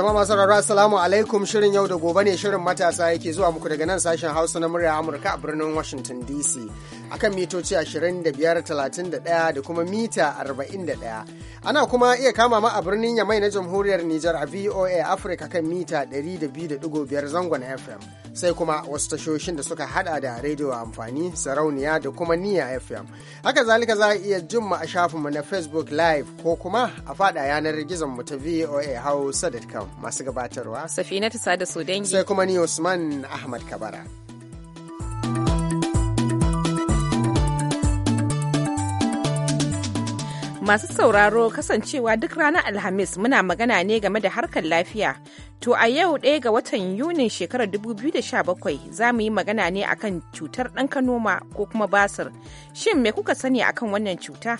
Jama'a masu rarra assalamu alaikum shirin yau da gobe ne shirin matasa yake zuwa muku daga nan sashen Hausa na murya Amurka a birnin Washington DC akan mitoci 25.31 da kuma mita 41. Ana kuma iya kama ma a birnin Yamai na Jamhuriyar Nijar a VOA Africa kan mita 102.5 zangon FM. sai kuma wasu tashoshin da suka hada da rediyo amfani sarauniya da kuma niya fm haka zalika za a iya jin mu a shafinmu na facebook live ko kuma a fada yanar gizon mu ta voa hausa.com masu gabatarwa safinatu sada su sai kuma ni usman ahmad kabara Masu sauraro kasancewa duk ranar Alhamis muna magana ne game da harkar lafiya. To a yau ɗaya ga watan Yunin shekarar 2017 za mu yi magana ne akan cutar ɗan kanoma ko kuma basir. Shin me kuka sani akan wannan cuta?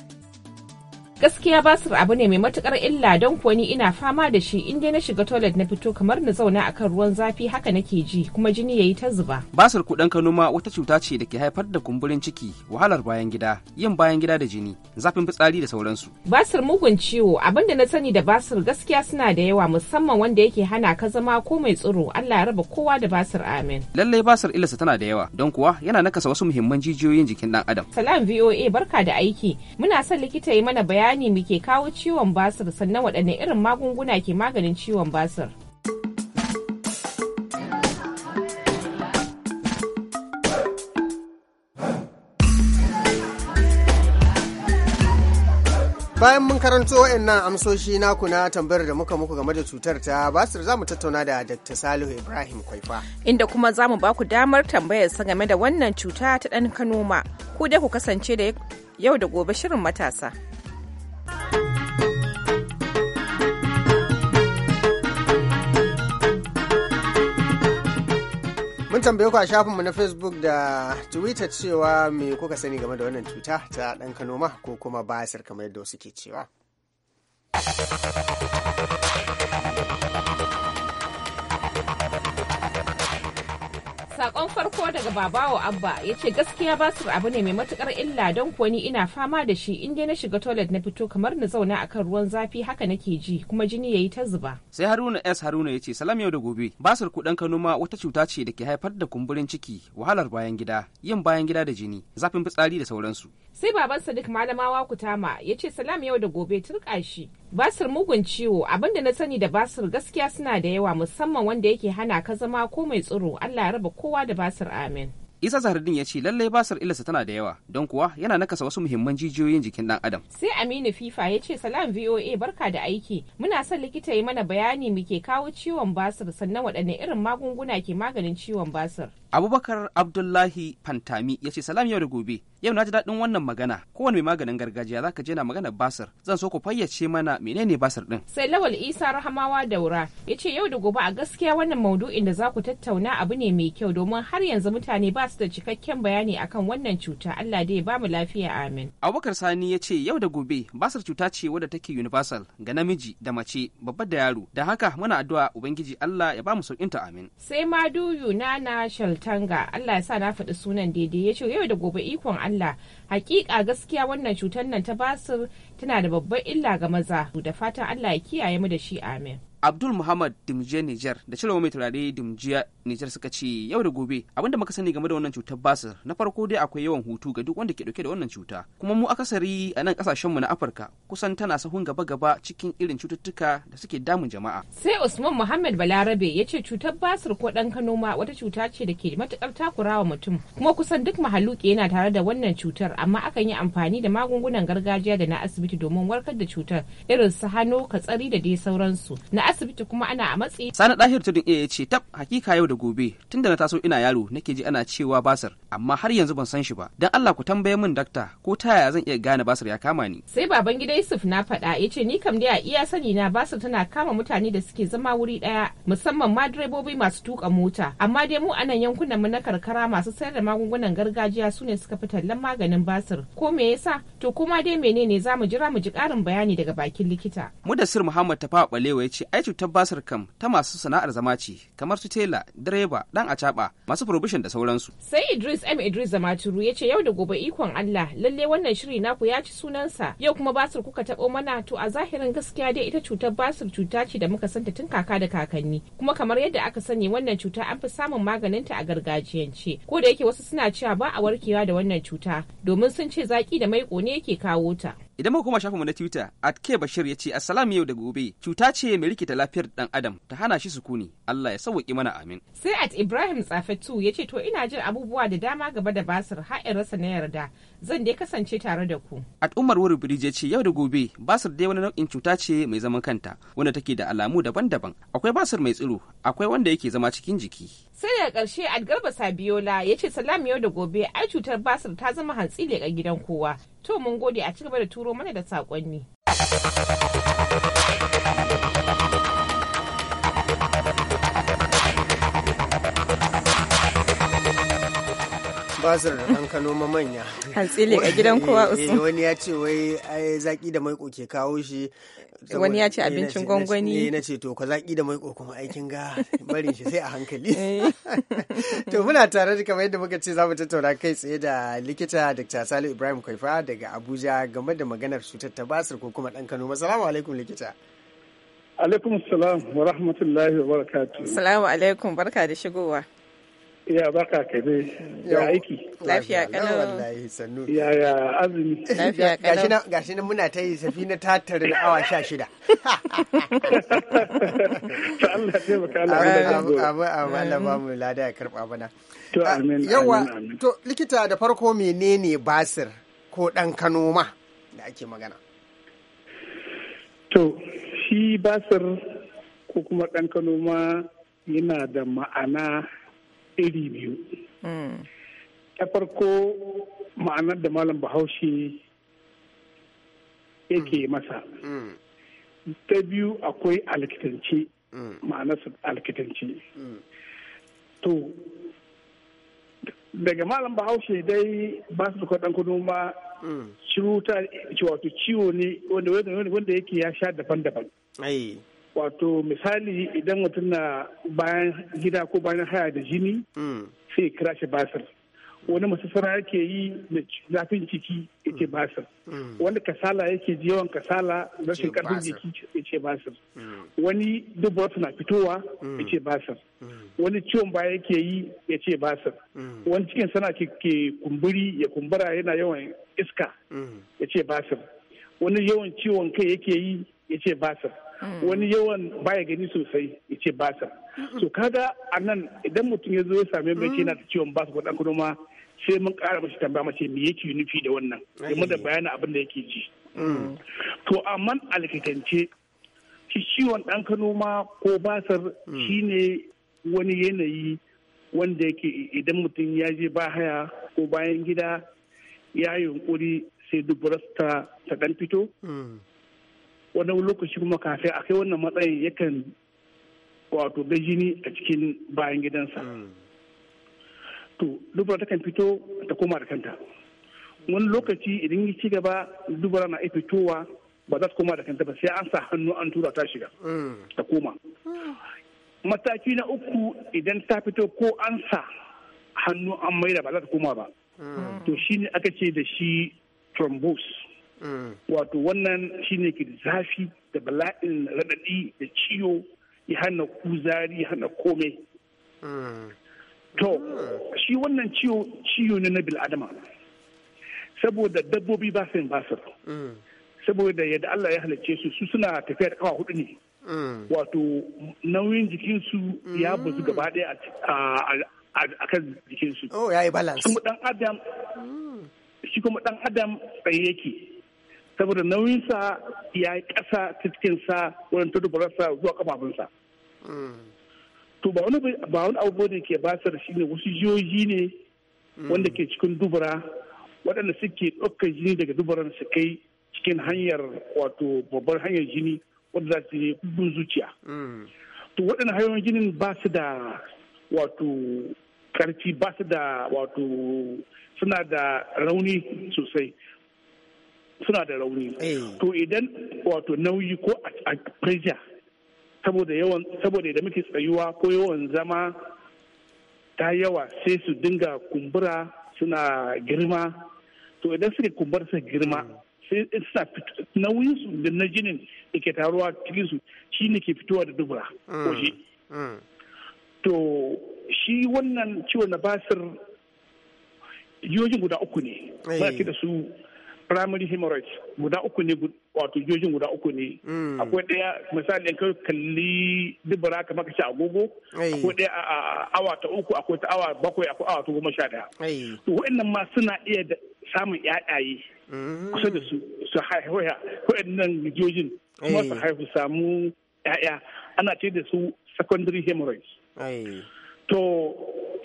gaskiya basir abu ne mai matukar illa don kuwa ni ina fama da shi in dai na shiga toilet na fito kamar na zauna akan ruwan zafi haka nake ji kuma jini yayi ta zuba basir kudan kano ma wata cuta ce da ke haifar da kumburin ciki wahalar bayan gida yin bayan gida da jini zafin fitsari da sauransu basir mugun ciwo abin da na sani da basir gaskiya suna da yawa musamman wanda yake hana ka zama ko mai tsoro. Allah ya raba kowa da basir amin lallai basir illarsa tana da yawa don kuwa yana nakasa wasu muhimman jijiyoyin jikin dan adam salam voa barka da aiki muna son likita yi mana bayani bayani mu ke kawo ciwon basir sannan waɗanne irin magunguna ke maganin ciwon basir. Bayan mun karanto waɗannan amsoshi naku na tambayar da muka muku game da cutar ta basir za mu tattauna da Dr. Salihu Ibrahim Kwaifa. Inda kuma za mu baku damar tambayar sa game da wannan cuta ta ɗan kanoma. Ku dai ku kasance da yau da gobe shirin matasa. Mun tambaye ku a shafinmu na Facebook da Twitter cewa me kuka sani game da wannan cuta ta ɗan kanoma ko kuma basir kamar yadda suke cewa. sakon farko daga babawa abba ya ce gaskiya su abu ne mai matukar illa don kuwa ina fama da shi in dai na shiga toilet na fito kamar na zauna akan ruwan zafi haka nake ji kuma jini yayi ta zuba sai haruna s haruna ya ce salam yau da gobe basir kudan kano ma wata cuta ce da ke haifar da kumburin ciki wahalar bayan gida yin bayan gida da jini zafin fitsari da sauransu sai baban sadiq malamawa kutama ya ce salam yau da gobe turka shi basir mugun ciwo abinda na sani da basir gaskiya suna da yawa musamman wanda yake hana ka zama ko mai tsoro allah ya raba kowa da basir amin isa zahardin ya ce lallai basir illarsa tana da yawa don kuwa yana nakasa wasu muhimman jijiyoyin jikin dan adam sai aminu fifa ya ce salam voa barka da aiki muna son likita ya mana bayani muke kawo ciwon basir sannan waɗanne irin magunguna ke maganin ciwon basir Abubakar Abdullahi Fantami ya ce salam yau da gobe yau na ji daɗin wannan magana kowane mai maganin gargajiya za ka je na magana basir zan so ku fayyace mana menene basir din. Sai Lawal Isa Rahamawa Daura ya ce yau da gobe a gaskiya wannan maudu'in da za ku tattauna abu ne mai kyau domin har yanzu mutane ba su da cikakken bayani akan wannan cuta Allah dai ba mu lafiya amin. Abubakar Sani ya ce yau da gobe basir cuta ce wadda take universal ga namiji da mace babba da yaro da haka muna addu'a ubangiji Allah ya ba mu ta amin. Sai madu yunana Shal tanga Allah ya sa na faɗi sunan daidai ya ce yau da gobe ikon Allah hakika gaskiya wannan cutar nan ta basir tana da babbar illa ga maza da fatan Allah ya kiyaye mu da shi amin. abdul muhammad Dimje niger da cewa mai turare dimjiya niger suka ce yau da gobe abinda muka sani game da wannan cutar basir na farko dai akwai yawan hutu ga duk wanda ke dauke da wannan cuta kuma mu akasari a nan kasashen mu na afirka kusan tana sahun gaba gaba cikin irin cututtuka da suke damun jama'a sai usman muhammad balarabe ya ce cutar basir ko dan kano ma wata cuta ce da ke matukar takurawa mutum kuma kusan duk mahaluki yana tare da wannan cutar amma akan yi amfani da magungunan gargajiya da na asibiti domin warkar da cutar irin su hannu katsari da dai sauransu na asibiti kuma ana a matsi. Sani ɗahir Tudun iya ce tab hakika yau da gobe tunda na taso ina yaro nake ji ana cewa basar amma har yanzu ban san shi ba dan Allah ku tambaye min dakta ko ta yaya zan iya gane basir ya kama ni sai baban gida Yusuf na faɗa yace ni kam dai a iya sani na basir tana kama mutane da suke zama wuri daya musamman ma direbobi masu tuka mota amma dai mu a nan yankunan mu na karkara masu sayar da magungunan gargajiya su ne suka fi tallan maganin basir ko me yasa to kuma dai menene za mu jira mu ji ƙarin bayani daga bakin likita sir Muhammad Tafawa Balewa yace ai cutar basir kam ta masu sana'ar zama ce kamar su tela direba dan acaba masu provision da sauransu sai Idris sm Idris Zamaturu ya ce yau da gobe ikon Allah lalle wannan shiri naku ya ci sunansa yau kuma basir kuka taɓo mana to a zahirin gaskiya dai ita cutar basir cuta ce da muka santa tun kaka da kakanni kuma kamar yadda aka sani wannan cuta an fi samun maganinta a gargajiyance ko da yake wasu suna cewa ba a warkewa da wannan cuta domin sun ce zaki da maiƙo ne yake kawo ta. Idan muka koma shafinmu na Twitter, at ke Bashir ya ce Assalamu yau da gobe, cuta ce mai rikita lafiyar dan Adam ta hana shi sukuni. Allah ya sauwaki mana amin. Sai at Ibrahim tsafe tu ya ce to ina jin abubuwa da dama gaba da Basir har rasa na yarda. Zan dai kasance tare da ku. At Umar Wuri ya ce yau da gobe Basir dai wani nau'in cuta ce mai zaman kanta wanda take da alamu daban-daban. Akwai Basir mai tsiro, akwai wanda yake zama cikin jiki. sai daga ƙarshe algarba sabiola ya ce salam yau da gobe ai cutar basir ta zama hantsi ga gidan kowa to mun gode a cigaba da turo mana da saƙonni. basir an kano manya. Hantsi ne a gidan kowa eh, eh, usu. Wani ya ce wai ai zaki da maiko ke kawo shi. Wani ya ce eh, abincin gwangwani. Ne na ce to ka zaki da maiko kuma aikin ga barin shi sai a hankali. To muna tare da kamar yadda muka ce za mu tattauna kai tsaye da likita Dr. Salihu Ibrahim Kwaifa daga Abuja game da maganar cutar ta basir ko kuma ɗan Kano. Assalamu alaikum likita. Alaikum salam wa rahmatullahi wa barakatu. Assalamu alaikum barka da shigowa. Ya baka kebe ya aiki. Lafiya kalau. Wallahi sannu. Ya ya azumi. Lafiya kalau. Gashi nan muna ta yi safi na tattare na awa 16. To Allah Abu abu Allah ba mu lada ya karba bana. To ah, amin. Yawa to likita da farko menene basir ko dan Kano ma da ake magana. To shi basir ko kuma dan Kano ma yana da ma'ana iri biyu hmm. ta farko ma'anar da malam bahaushe yake hmm. masa hmm. ta biyu akwai alkitance ma'anarsa alkitance to daga malam bahaushe dai ba su kwaɗan kudu ma ciwo ne wanda yake ya sha daban-daban wato misali idan mutum na bayan gida ko bayan haya da jini hmm. sai kira shi basir wani masasara yake yi da zafin ciki yake hmm. basir hmm. wani kasala yake ji yawan kasala rashin karfin jiki yake basir wani wata na fitowa yake basir wani ciwon baya yake yi yake basir wani cikin sana ke kumburi ya kumbura yana yawan iska yake basir wani yawan ciwon kai yake yi yake basir Mm. wani yawan baya gani sosai ya ce basa so kaga a nan idan mutum ya zo ya same mai mm. yana da ciwon basa ko ɗan sai mun ƙara mashi tambaya mace me yake nufi da wannan game da bayanin abin da yake ji mm. to amma a likitance shi ciwon ɗan kanoma ko basar shine wani yanayi wanda yake idan mutum ya je ba haya ko bayan gida ya yi yunkuri sai duburarsa ta ɗan fito wani lokaci kuma kafin a kai wannan matsayin yakan wato da jini a cikin bayan gidansa hmm. to ta takan fito ta koma da kanta wani lokaci idan ya ci gaba dubara na fitowa ba za ta koma da kanta ba sai an sa hannu an tura ta shiga hmm. ta koma mataki na uku idan ta fito ko an sa hannu an maida ba za ta koma ba hmm. to shi ne aka ce da shi thrombose wato wannan shine ke da zafi da bala'in raɗaɗi da ciwo ya hana kuzari ya hana komai to shi wannan ciwo ciwo ne na bil'adama saboda dabbobi ba su ba su saboda yadda Allah ya halicce su su suna tafiya da kawa hudu ne wato nauyin jikinsu ya bazu gaba ɗaya a kan jikinsu. Oh, ya yi balance. Kuma dan Adam, shi kuma dan Adam tsaye yake. saboda nauyinsa ya yi ƙasa ta cikinsa wurin tudu zuwa kafafunsa to ba wani abu ne ke basar shi ne wasu jiyoyi ne wanda ke cikin dubura waɗanda suke ɗaukar jini daga dubaran su kai cikin hanyar wato babbar hanyar jini wadda za su yi bugun zuciya to waɗanda hanyoyin jinin ba su da wato karfi ba su da wato suna da rauni sosai suna da rauni eh. to idan wato nauyi ko a pressure saboda yawan saboda da muke tsayuwa ko yawan zama ta yawa sai su dinga kumbura suna girma to idan suke kumbura mm. suna girma sai suna nauyin su da na jinin da ke taruwa cikin su shi ne ke fitowa da dubura ko mm. shi mm. to shi wannan ciwon na basir yojin guda uku ne ba da su eh. primary hemorrhage guda uku ne wato jojin guda uku ne mm. akwai daya misali ka kalli dubura ka ka shi agogo akwai daya a awa ta uku akwai ta awa bakwai akwai awa ta goma sha daya to wa'annan ma suna iya samun yaɗaye mm. kusa da su su haihuwa wa'annan jojin kuma su haihu samu yaya ana ce da su secondary hemorrhage to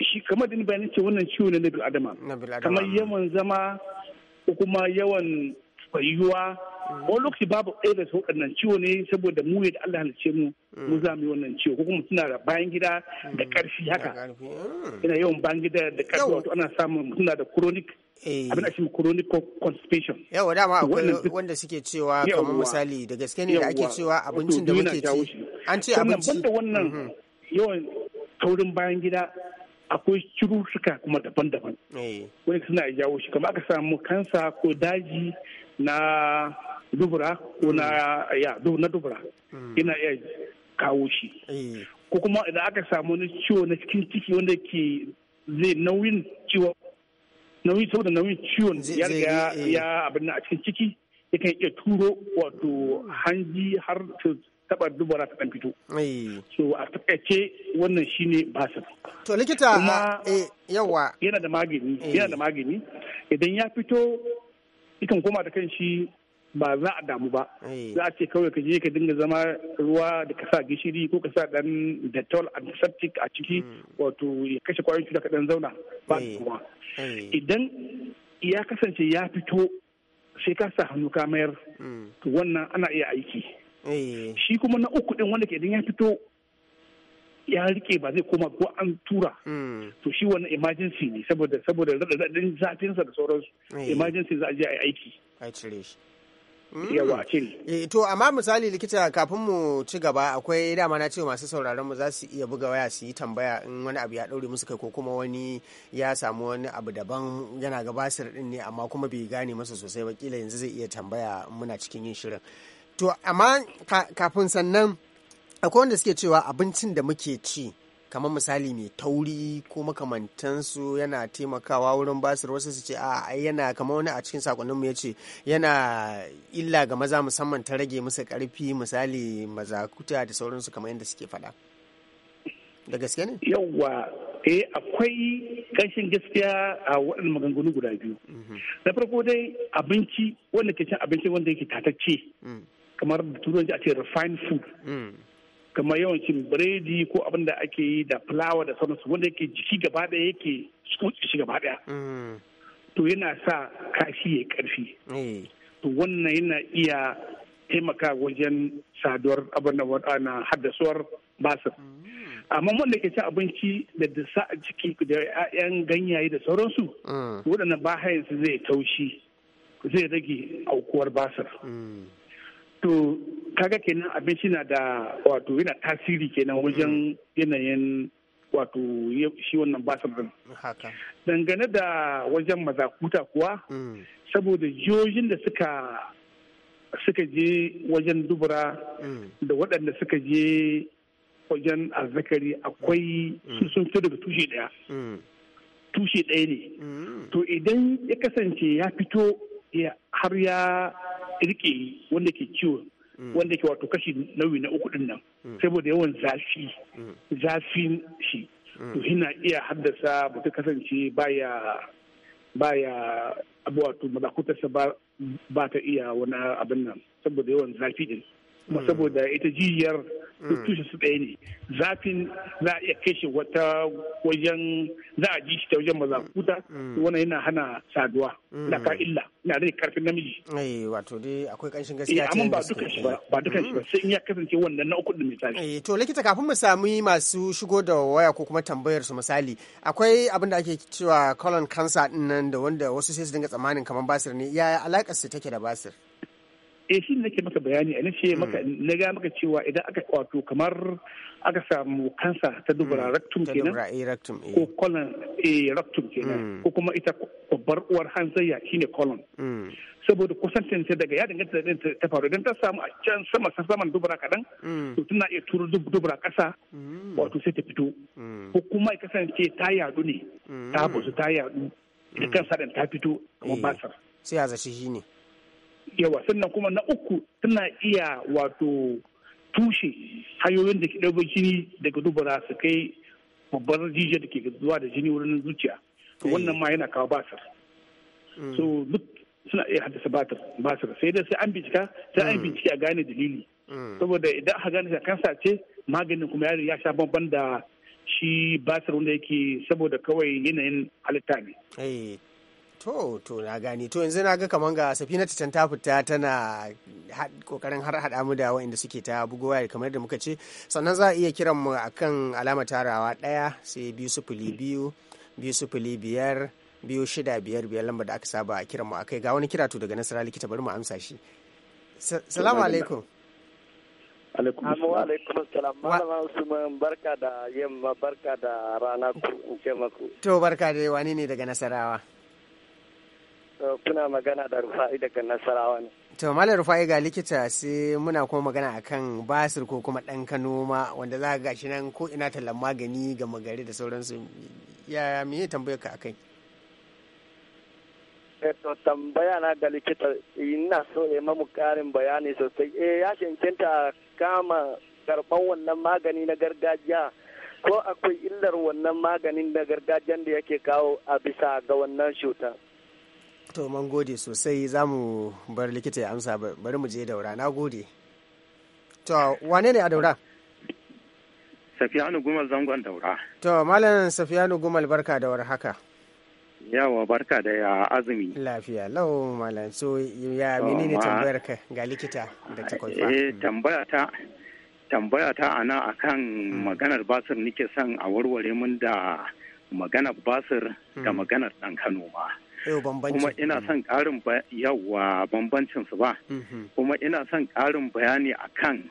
shi kamar da ni bayanin ce wannan ciwo ne na adama. kamar yawan zama ko kuma yawan tsayuwa mm. wani lokaci babu ɗaya da su waɗannan ciwo ne saboda mu da Allah halice mu mu mm. za mu yi wannan ciwo ko kuma suna da bayan gida da mm. ƙarfi haka yana yawan bayan gida da ƙarfi wato ana samun suna da chronic eh. abin da shi chronic constipation yawa dama akwai wanda suke cewa kamar misali da gaske ne da ake cewa abincin da muke ci an ce abinci wannan mm-hmm. yawan taurin bayan gida akwai cirushuka kuma daban-daban eh. wani suna jawo shi kamar aka samu kansa ko daji na dubura ko na ya na dubura hmm. yana iya kawo shi eh. ko kuma idan aka samu wani ciwo na cikin ciki wanda ke zai nauyin ciwo nauyi saboda nauyin ciwon ya riga eh. ya abin a cikin ciki yakan iya turo wato hanji har Taba dubara ta ɗan fito. So a taƙaice wannan shine ba sa. To likita eh yawa yana da magani eh. yana da magani idan ya fito ikan koma da kanshi ba za a damu ba eh. za a ce kawai ka je ka dinga zama ruwa da ka sa gishiri ko ka sa dan dettol antiseptic a ciki hmm. wato ya kashe kwayoyin cuta ka dan zauna ba kuma eh. idan ya kasance ya fito sai ka sa hannu ka mayar hmm. wannan ana iya aiki Eh. shi kuma na uku din wanda ke idan ya fito ya rike ba zai koma ko an tura hmm. to shi wannan emergency ne saboda saboda radadin sa da sauransu eh. emergency za a je a yi aiki a cire shi hmm. yawa eh, to amma misali likita kafin mu ci gaba akwai dama na ce masu sauraron mu za su iya buga waya su yi tambaya in wani abu ya daure musu kai ko kuma wani ya samu wani abu daban yana gabasir din ne amma kuma bai gane masa sosai ba kila yanzu zai iya tambaya muna cikin yin shirin to amma kafin sannan akwai wanda suke cewa abincin da muke ci kamar misali mai tauri ko makamantansu yana taimakawa wurin basir wasu su ce a yana kamar wani a cikin sakonninmu ya ce yana illa ga maza musamman ta rage musu karfi misali mazakuta da sauransu kamar yadda suke faɗa da gaske ne yawwa eh akwai ƙanshin gaskiya a waɗannan maganganu guda biyu mm-hmm. na farko dai abinci wanda ke cin abinci wanda yake tatacce mm. kamar da turanci a ce refined food mm. kamar yawancin biredi ko abin da ake yi da fulawa da sauransu wanda yake jiki gaba daya yake tsoce shi gaba daya mm. to yana sa kashi ya karfi eh. to wannan yana iya taimaka wajen saduwar abin da na haddasuwar basir mm. amma wanda ke ci abinci da dasa a ciki da 'ya'yan ganyaye da sauransu waɗannan bahayansu zai taushi zai rage aukuwar basir to kaga kenan abinci na da wato yana tasiri kenan wajen mm. yanayin wato shi wannan basar din. Dangane da wajen mazakuta kuwa, mm. saboda jiyoyin da suka suka je wajen dubura mm. da waɗanda suka je wajen azzakari akwai sun fito daga tushe ɗaya. Tushe ɗaya ne. To idan ya kasance ya fito har ya rike wanda ke ciwon mm. wanda ke wato kashi nauyi na uku din nan mm. saboda yawan zafi mm. zafin shi to yana iya haddasa mutum kasance baya baya abu wato mazakutarsa ba ta iya wani abin nan saboda yawan zafi din kuma hmm. saboda ita jijiyar hmm. tushe su ɗaya ne zafin za a iya kashe wata wajen za a ji shi ta wajen mazakuta hmm. wannan yana hana saduwa na ka illa na da karfin namiji eh wato dai akwai kanshin gaskiya eh, amma ba dukan shi ba ba dukan shi ba sai in ya kasance wannan na uku da misali eh to likita kafin mu sami masu shigo da waya ko kuma tambayar su misali akwai abin da ake cewa colon cancer din nan da wanda wasu sai su dinga tsammanin kamar basir ne ya alakar su take da basir eh shi nake maka bayani a nace hmm. maka na ga maka cewa idan aka kwato kamar aka samu kansa ta dubura hmm. rectum kenan eh, eh. ko colon eh rectum kenan hmm. ko kuma ita babbar uwar hanzayya shine colon saboda kusancinta daga ya danganta da ta faru idan ta samu a can sama saman dubura kadan to tana iya turo dubura kasa wato sai ta fito ko kuma ya kasance ta yadu ne ta bazu ta yadu idan kansa ta fito kuma basar eh. sai a zace shi ne yawa sannan kuma na uku tana iya wato tushe hanyoyin da ke jini daga dubara su kai babbar jijiyar da ke zuwa da jini wurin zuciya to eh. wannan ma yana kawo basir mm. so duk suna iya haddasa batir basir sai dai sai an bincika sai an mm. bincike a gane dalili mm. saboda idan aka gane kansa ce maganin kuma yaro ya sha bamban da shi basir wanda yake saboda kawai yanayin halitta ne eh. To, to na gani. To yanzu na ga kaman ga safina titan ta fita tana kokarin har hada mu da waɗanda suke ta bugo waya kamar da muka ce. Sannan za a iya kiran mu akan alama tarawa daya sai biyu sufuli biyu, biyu sufuli biyar, biyu shida biyar biyar lamba da aka saba a kiran mu akai ga wani kira to daga nasara likita bari mu amsa shi. Salamu alaikum. alaikum salam malama usman barka da yamma barka da rana ku ce maku to barka da wani ne daga nasarawa kuna magana da rufa'i daga nasarawa ne to mala rufa'i ga likita sai muna kuma magana akan basir ko kuma ɗan kano ma wanda za ga shi nan ko ina tallan magani ga magari da sauransu ya me tambayar ka akai eh, to tambaya na ga likita ina so ya mamu karin bayani sosai eh ya cancanta kama karɓar wannan magani na gargajiya ko akwai illar wannan maganin na gargajiyan da yake kawo a bisa ga wannan cutar to man gode sosai za mu bar likita ya amsa bari mu je daura na gode to wane ne a daura safiyanu gumal zangon daura to malam safiyanu gumal barka da war haka yawa barka da ya azumi lafiya lau malam so ya ne tambayar ka ga likita da ta kwalfa eh tambaya ta tambaya ta ana akan hmm. maganar basir nike son a warware mun da maganar basir da hmm. maganar dan Kano ma kuma ina son ƙarin yawa bambancin su ba mhm. kuma ina son ƙarin bayani akan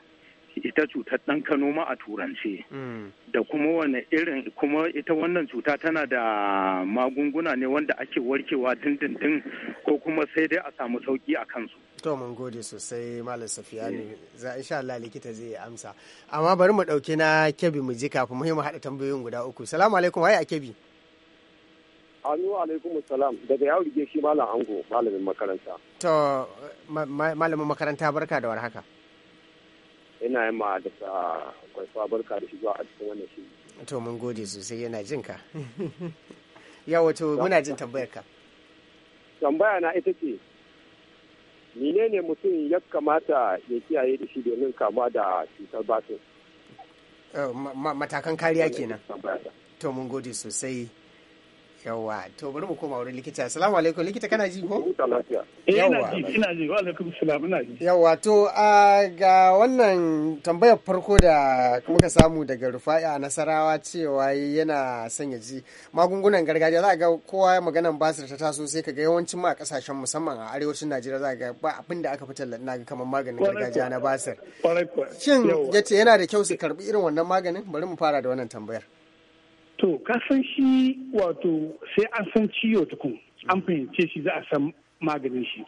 ita cutar ɗan kano a turance mm. da kuma wani irin kuma ita wannan cuta tana da magunguna ne wanda ake warkewa dindindin ko kuma sai dai a samu sauki a kansu to mun gode sosai malam ne eh. za insha Allah likita zai yi amsa amma bari mu dauke na kebi mu ji kafin mu haɗa tambayoyin guda uku salamu alaikum waye a kebi Anu alaikum salam daga yawon rige shi malam ango malamin makaranta. To malamin makaranta barka da warhaka. Ina yi ma da sa kwaifa barka da zuwa a cikin wannan shi. To mun gode sosai yana jin ka. Ya wato muna jin tambayar ka. Tambaya na ita ce menene mutum ya kamata ya kiyaye da shi domin kama da cutar batun? Oh, matakan kariya kenan. To mun gode sosai. yawa to bari mu koma wurin likita assalamu alaikum likita kana ji ko yawa eh, ina ji wa ga wannan tambayar farko da muka samu daga rufa'i a nasarawa cewa yana son ya ji magungunan gargajiya za ga kowa maganar basir ta taso sai ga yawancin ma a kasashen musamman a arewacin Najeriya za ga ba abin da aka fitar na ga kamar maganin gargajiya na basir shin yace yana da kyau su karbi irin wannan maganin bari mu fara da wannan tambayar To, kasan shi wato sai an san ciwo tukun, an fahimce shi za a san maganin shi.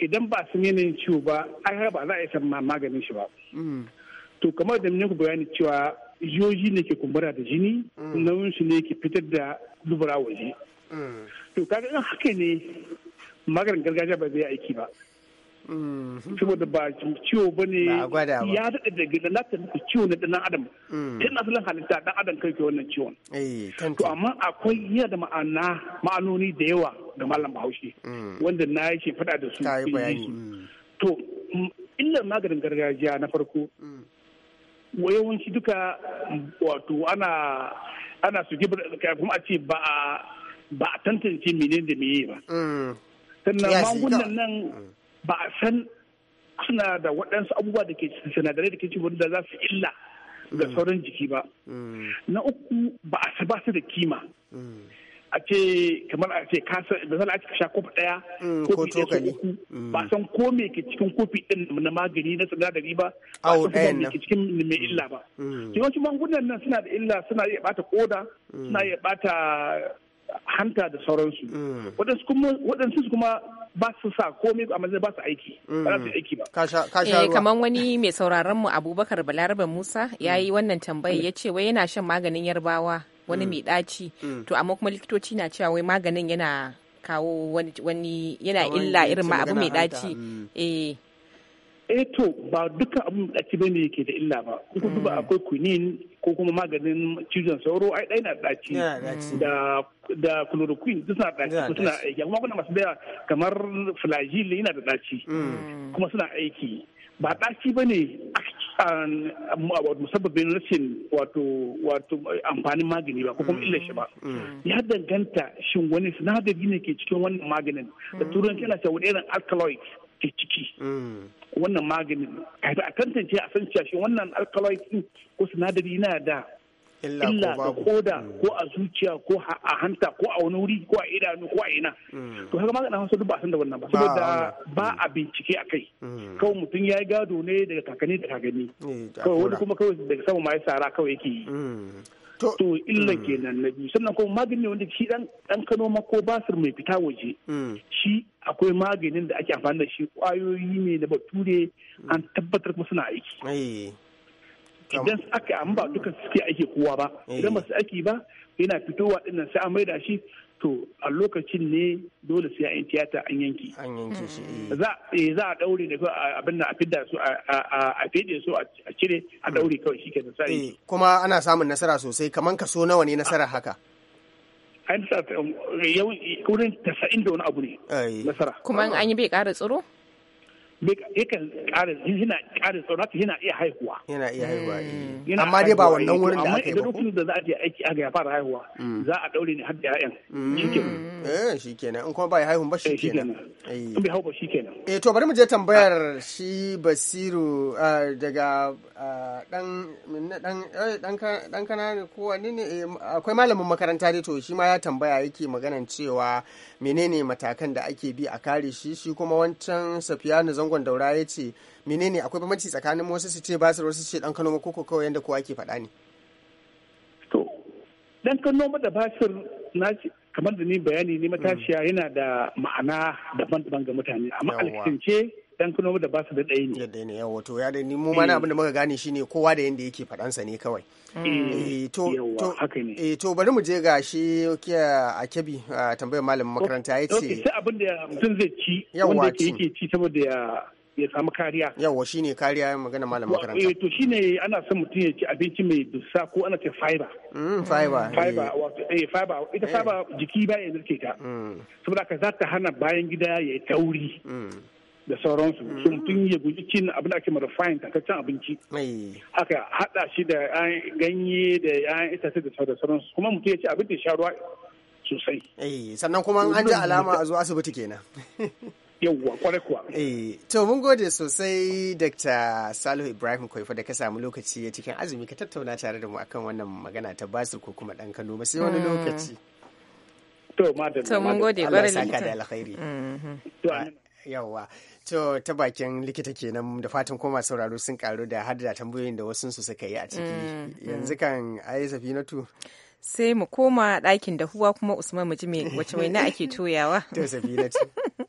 Idan ba san yanayin ciwo ba, an ba za a san maganin shi ba. Mm. To, kamar da ku bayani cewa yoji ne ke kumbura da jini, mm. nauyin su ne ke fitar da dubura waje. Mm. To, kaga in haka ne maganin gargajiya ba zai aiki ba. Mhm. saboda ba ciwo ba ne ya daɗa daga da lati muku ciwo na ɗan adam mm. tun asalin halitta ɗan adam kai ke wannan ciwon eh, to amma akwai yana da ma'ana ma'anoni da yawa ga malam bahaushe mm. wanda na yake faɗa da su mm. to illar maganin gargajiya na farko yawanci duka wato ana ana su kuma a ce ba a ba a tantance menene da meye ba sannan magungunan nan ba a san suna da waɗansu abubuwa da ke sinadarai da ke ci da za su illa ga mm. sauran jiki ba mm. na uku ba a ba su da kima mm. a ce kamar a ce kasa misali a ce sha kofi ɗaya. kofi ɗaya ba san ko me ke cikin kofi ɗin na magani na sinadari ba ba san ko me ke cikin me illa ba yawancin magungunan nan suna da illa suna iya bata koda suna iya bata hanta da sauransu waɗansu kuma ba su sa komai a matsayin ba su aiki ba su aiki ba eh, kamar wani mai sauraron mu Abubakar Balarabe Musa yayi wannan tambayi yace wai yana shan maganin Yarbawa wani mai daci mm. to amma kuma likitoci na cewa wai maganin yana kawo wani yana illa irin ma abu mai daci mm. eh eh to ba duka abun da ake bane yake da illa ba ko duba mm. akwai kunin ko kuma maganin cizon sauro ai dai na daci da da chloroquine duk suna daci suna aiki amma kuna masu da kamar flagyl yana da daci mm. kuma suna aiki ba daci bane um, musabbabin rashin wato wato amfanin magani ba ko kuma mm. illar shi ba ya danganta shin wani sinadari ne ke cikin wannan maganin da turanci yana cewa irin alkaloid ke ciki mm. wannan maganin kafin a tantance a san cewa shi wannan alkaloid ko sinadari yana da illa ga koda mm. ko a zuciya ko a hanta ko a wani wuri ko a idanu ko a ina mm. to haka maganin hausa duk ba san da wannan ba saboda ba a bincike a kai kawai mutum ya yi gado ne daga kakanni da kakanni eh, kawai wani kuma kawai daga sama ma ya sara kawai yake yi to illan kenan na biyu sannan kuma magani ne wanda shi dan dan kano mako basir mai fita waje mm. shi akwai maganin da ake amfani da shi kwayoyi ne na bature an tabbatar kuma suna aiki idan aka amma ba dukan suke aiki kowa ba idan ba su aiki ba yana fitowa dinnan sai a maida shi to a lokacin ne dole sai an tiyata an yanki mm. eh. eh, za a daure ne abin da a fidda su a fede su a cire a daure mm. kawai shi ke nasara eh, kuma ana samun nasara sosai ka kaso nawa ne nasara haka an sa wurin 90 da wani abu ne nasara kuma an yi bai kara tsaro yakan ƙara yana ƙara tsaro haka yana iya haihuwa yana iya haihuwa eh. Eh. amma dai ba wannan eh. wurin da aka yi ba amma idan da za a je aiki aka ya fara haihuwa mm. za a daure ne har da ƴaƴan mm. shikenan eh shikenan in kuma ba ya haihu ba shikenan in bai haihu ba shikenan eh to bari mu je tambayar shi Basiru ah, daga dan dan dan kana ne ko wani ne akwai malamin makaranta ne to shi ma ya tambaya yake maganan cewa menene matakan da ake bi a kare shi shi kuma wancan Safiyanu zan zangon daura ya ce menene akwai bambanci tsakanin wasu su ce basir wasu su ce dan kanoma koko kawai yadda kowa ke faɗa ne to dan kanoma da basir na kamar da ni bayani ne matashiya yana da ma'ana daban-daban ga mutane amma alkitance kuno da ba su da ɗaya ne. Da ne yawa to ya da ni mu mana eh. abin da muka gane shine kowa da yanda yake faɗansa ne kawai. Mm. Eh, to haka ne. Eh, to bari mu je ga shi a kebi tambayar malamin makaranta ya ce. Sai abin da mutum zai ci wanda yake ci saboda ya ya samu kariya. Yawa shi ne kariya ya magana malam makaranta. to shi ne ana son mutum ya ci abinci mai dusa ko ana ce fiber. Mm, fiber. Fiber wato eh fiber ita fiber jiki ba ya nirke ta. Mm. Saboda ka za ta hana bayan gida ya yi tauri. da sauransu mm. sun mutum ya guji cin abin da ake mara fayin takaccen abinci haka hada shi da ganye da 'ya'yan itace da sauransu kuma mutum ya ci abin da sha ruwa sosai sannan kuma an ji alama a zuwa asibiti kenan yauwa kwarai kuwa. to mun gode sosai Dr. Salihu Ibrahim Koifo da ka samu lokaci ya cikin azumi ka tattauna tare da mu akan wannan magana ta basu ko kuma dan Kano sai wani mm. lokaci. To mun gode Allah da alkhairi. Mm-hmm. Yauwa. To ta bakin likita kenan da fatan koma sauraro sun karu da hada da tambayoyin da wasu su suka yi a ciki. Mm, mm. Yanzu kan ayi tu. Sai mu koma ɗakin da huwa kuma Usman mu ji me wace waina ake toyawa. To tu.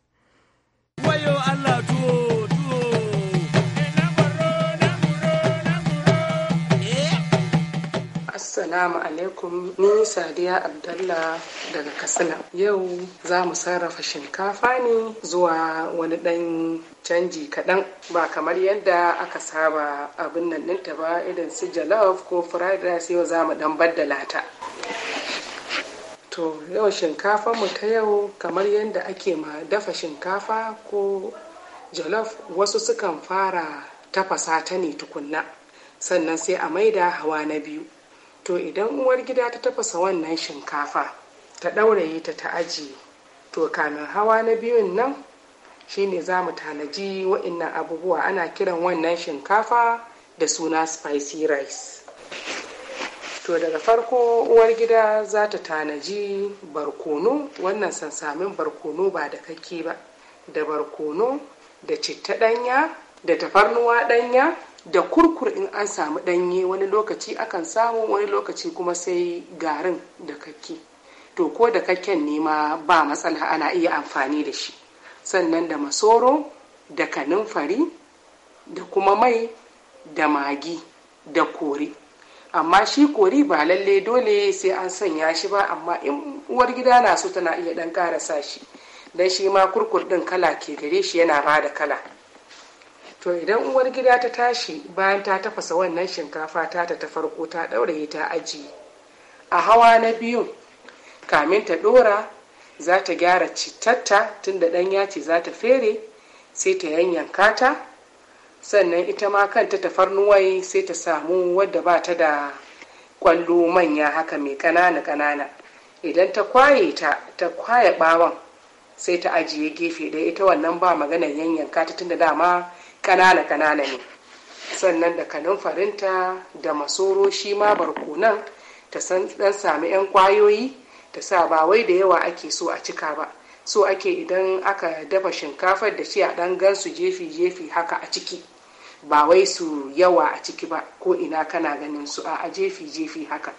Wayo Allah tuwo. Assalamu alaikum ni Sadiya Abdalla daga Katsina. Yau za mu sarrafa shinkafa ne zuwa wani ɗan canji kaɗan ba kamar yadda aka saba abin nan ninta ba idan su jalof ko fried rice yau za mu ɗan baddala ta. To yau shinkafa mu ta yau kamar yadda ake ma dafa shinkafa ko jalof wasu sukan fara tafasa ta ne tukunna sannan sai a maida hawa na biyu to idan uwar gida ta tafasa wannan shinkafa ta ɗauraye ta ta ajiye to kamin hawa na biyun nan shine za mu tanaji wa'innan abubuwa ana kiran wannan shinkafa da suna spicy rice to daga farko uwar gida za ta tanaji barkono wannan sansamin barkono ba da kake ba da barkono da citta ɗanya da tafarnuwa ɗanya da kurkur in an samu ɗanye wani lokaci akan samu wani lokaci kuma sai garin da kakki to ko da kakken ne ma ba matsala ana iya amfani da shi sannan da masoro da kanunfari da kuma mai da magi da kori amma shi kori ba lalle dole sai an sanya shi ba amma in uwar gida na so tana iya ɗan ƙara sa shi don shi ma kurkur ɗin kala ke gare shi yana ba da kala to idan uwar gida ta tashi bayan ta tafasa wannan shinkafa ta ta farko ta ɗauraye ta aji. a hawa na biyu, kamin ta ɗora za ta gyara cittatta tun da ɗanya ce za ta fere sai ta yanyanka ta sannan ita ma kanta ta farnuwai sai ta samu wadda ba ta da kwallo manya haka mai ƙanana ƙanana idan ta kwaye ta ta kwaye ɓawon sai ta ajiye gefe ɗaya ita wannan ba maganar yanyanka ta tunda dama kanana kanana ne sannan da kanunfarinta da masoro shi ma barkonan ta dan sami 'yan kwayoyi ta sa ba wai da yawa ake so a cika ba so ake idan aka dafa shinkafar da shi a dan gansu jefi-jefi haka a ciki ba wai su yawa a ciki ba ko ina kana ganin su a jefi-jefi haka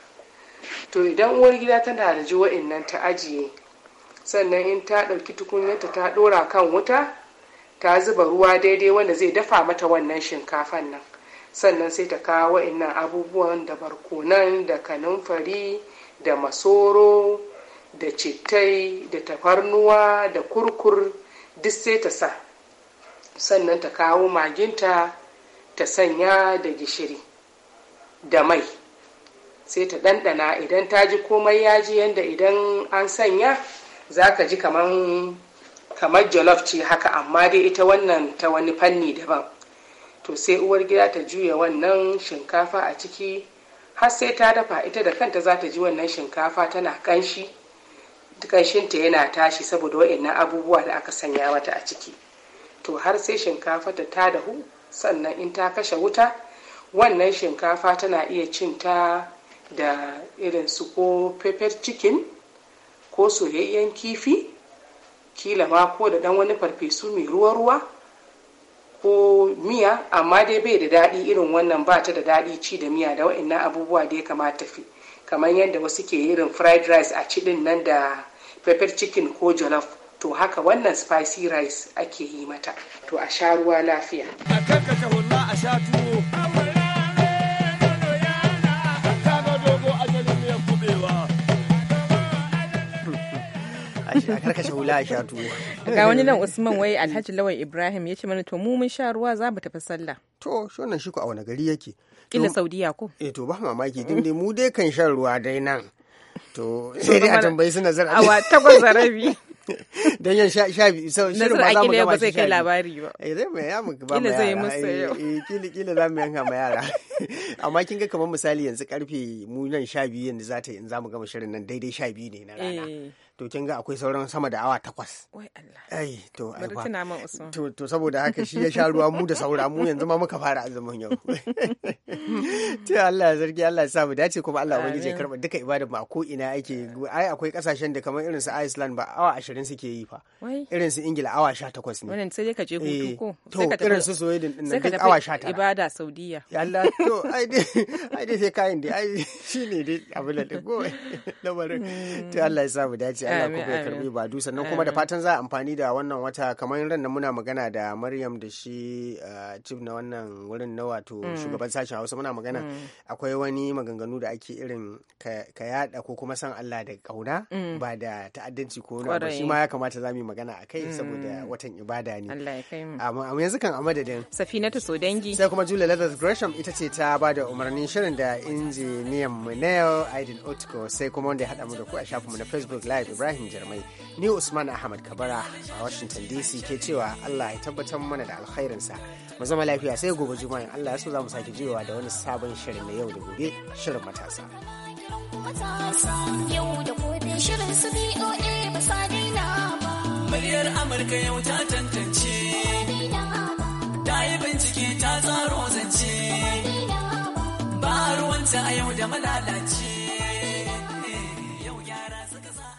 to idan uwar gida tana da ji nan ta ajiye sannan in ta ɗauki tukunyarta ta ɗora kan wuta ta zuba ruwa daidai wanda zai dafa mata wannan shinkafan nan sannan sai ta kawo wa'annan abubuwan da barkonan da kanunfari da masoro da cittai da tafarnuwa da kurkur duk sai ta sa sannan ta kawo maginta ta sanya da gishiri da mai sai ta ɗanɗana idan ta ji komai ya ji yadda idan an sanya za ka ji kamar kamar jollof ce haka amma dai ita wannan ta wani fanni daban to sai uwar gida ta juya wannan shinkafa a ciki har sai ta dafa ita da kanta za ta ji wannan shinkafa tana kanshi kanshinta yana tashi saboda waɗannan abubuwa da aka sanya mata a ciki to har sai shinkafa ta ta dahu sannan in ta kashe wuta wannan shinkafa tana iya cin ta da irin su ko pepper chicken ko soyayyen kifi kila ma ko da dan wani farfesu mai ruwa-ruwa ko miya amma dai bai da daɗi irin wannan ba ta da daɗi ci da miya da wa'in abubuwa da ya kamata fi kamar yadda wasu ke irin fried rice a ciɗin nan da pepper chicken ko jollof to haka wannan spicy rice ake yi mata to a sha ruwa lafiya a karkashe hula a sha tuwo ga wani nan usman wai alhaji lawan ibrahim ya ce mana to mu mun sha ruwa za mu tafi sallah to shonan shi ku a wani gari yake kila saudiya ko eh to ba mamaki din dai mu dai kan shan ruwa dai nan to sai dai a tambayi su nazar awa takwas zarabi don yin sha biyu sau shirin ba za mu gama shi kai labari ba eh zai mai yamu ba mai yara eh, eh kila kila za mu yanka ma yara amma kin ga kamar misali yanzu karfe mu nan sha biyu yanzu za ta yi za mu gama shirin nan daidai sha biyu ne na rana eh. to kin ga akwai sauran sama da awa takwas. Ai to ai To to saboda haka shi ya sha ruwa mu da saura mu yanzu ma muka fara azumin yau. To Allah ya zargi Allah ya samu. dace kuma Allah wani je karba duka ibadar ba ko ina ake ai akwai kasashen da kamar irin su Iceland ba awa ashirin suke yi fa. Irin su Ingila awa sha takwas ne. Wannan sai dai ka je hutu eh, ko. To irinsu su Sweden din nan duk awa 19. Ibada Saudiya. Allah to ai dai ai dai sai kayan dai ai shi ne dai abin da lamarin. Hmm. To Allah ya samu dace Allah kuma bai karbi ba dusa sannan kuma da fatan za a amfani da wannan wata kamar ran nan muna magana da Maryam da shi eh, chief na wannan wurin na wato mm. shugaban sashen Hausa muna magana mm. akwai wani maganganu da ake irin ka yada ko kuma san Allah da kauna mm. ba da ta'addanci ko wani shi ma ya kamata za mu magana akai kai saboda watan ibada ne Allah ya kai mu amma yanzu kan a madadin Safinatu Sodangi sai kuma Julia Leathers Gresham ita ce ta ba da umarnin shirin da injiniyan mu Neil Aidin Otko sai kuma wanda ya hada mu da ku a mu na Facebook Live Ibrahim Jarmai, ni Usman Ahmad Kabara a Washington DC ke cewa Allah ya tabbatar mana da alkhairinsa. Mu zama lafiya sai gobe juma'a Allah ya so za mu sake jiwa da wani sabon shirin na yau da gobe shirin matasa. Yau su ba Muryar Amurka yau ta tantance. Ta yi bincike ta tsaro zance. Ba ruwanta a yau da malalace.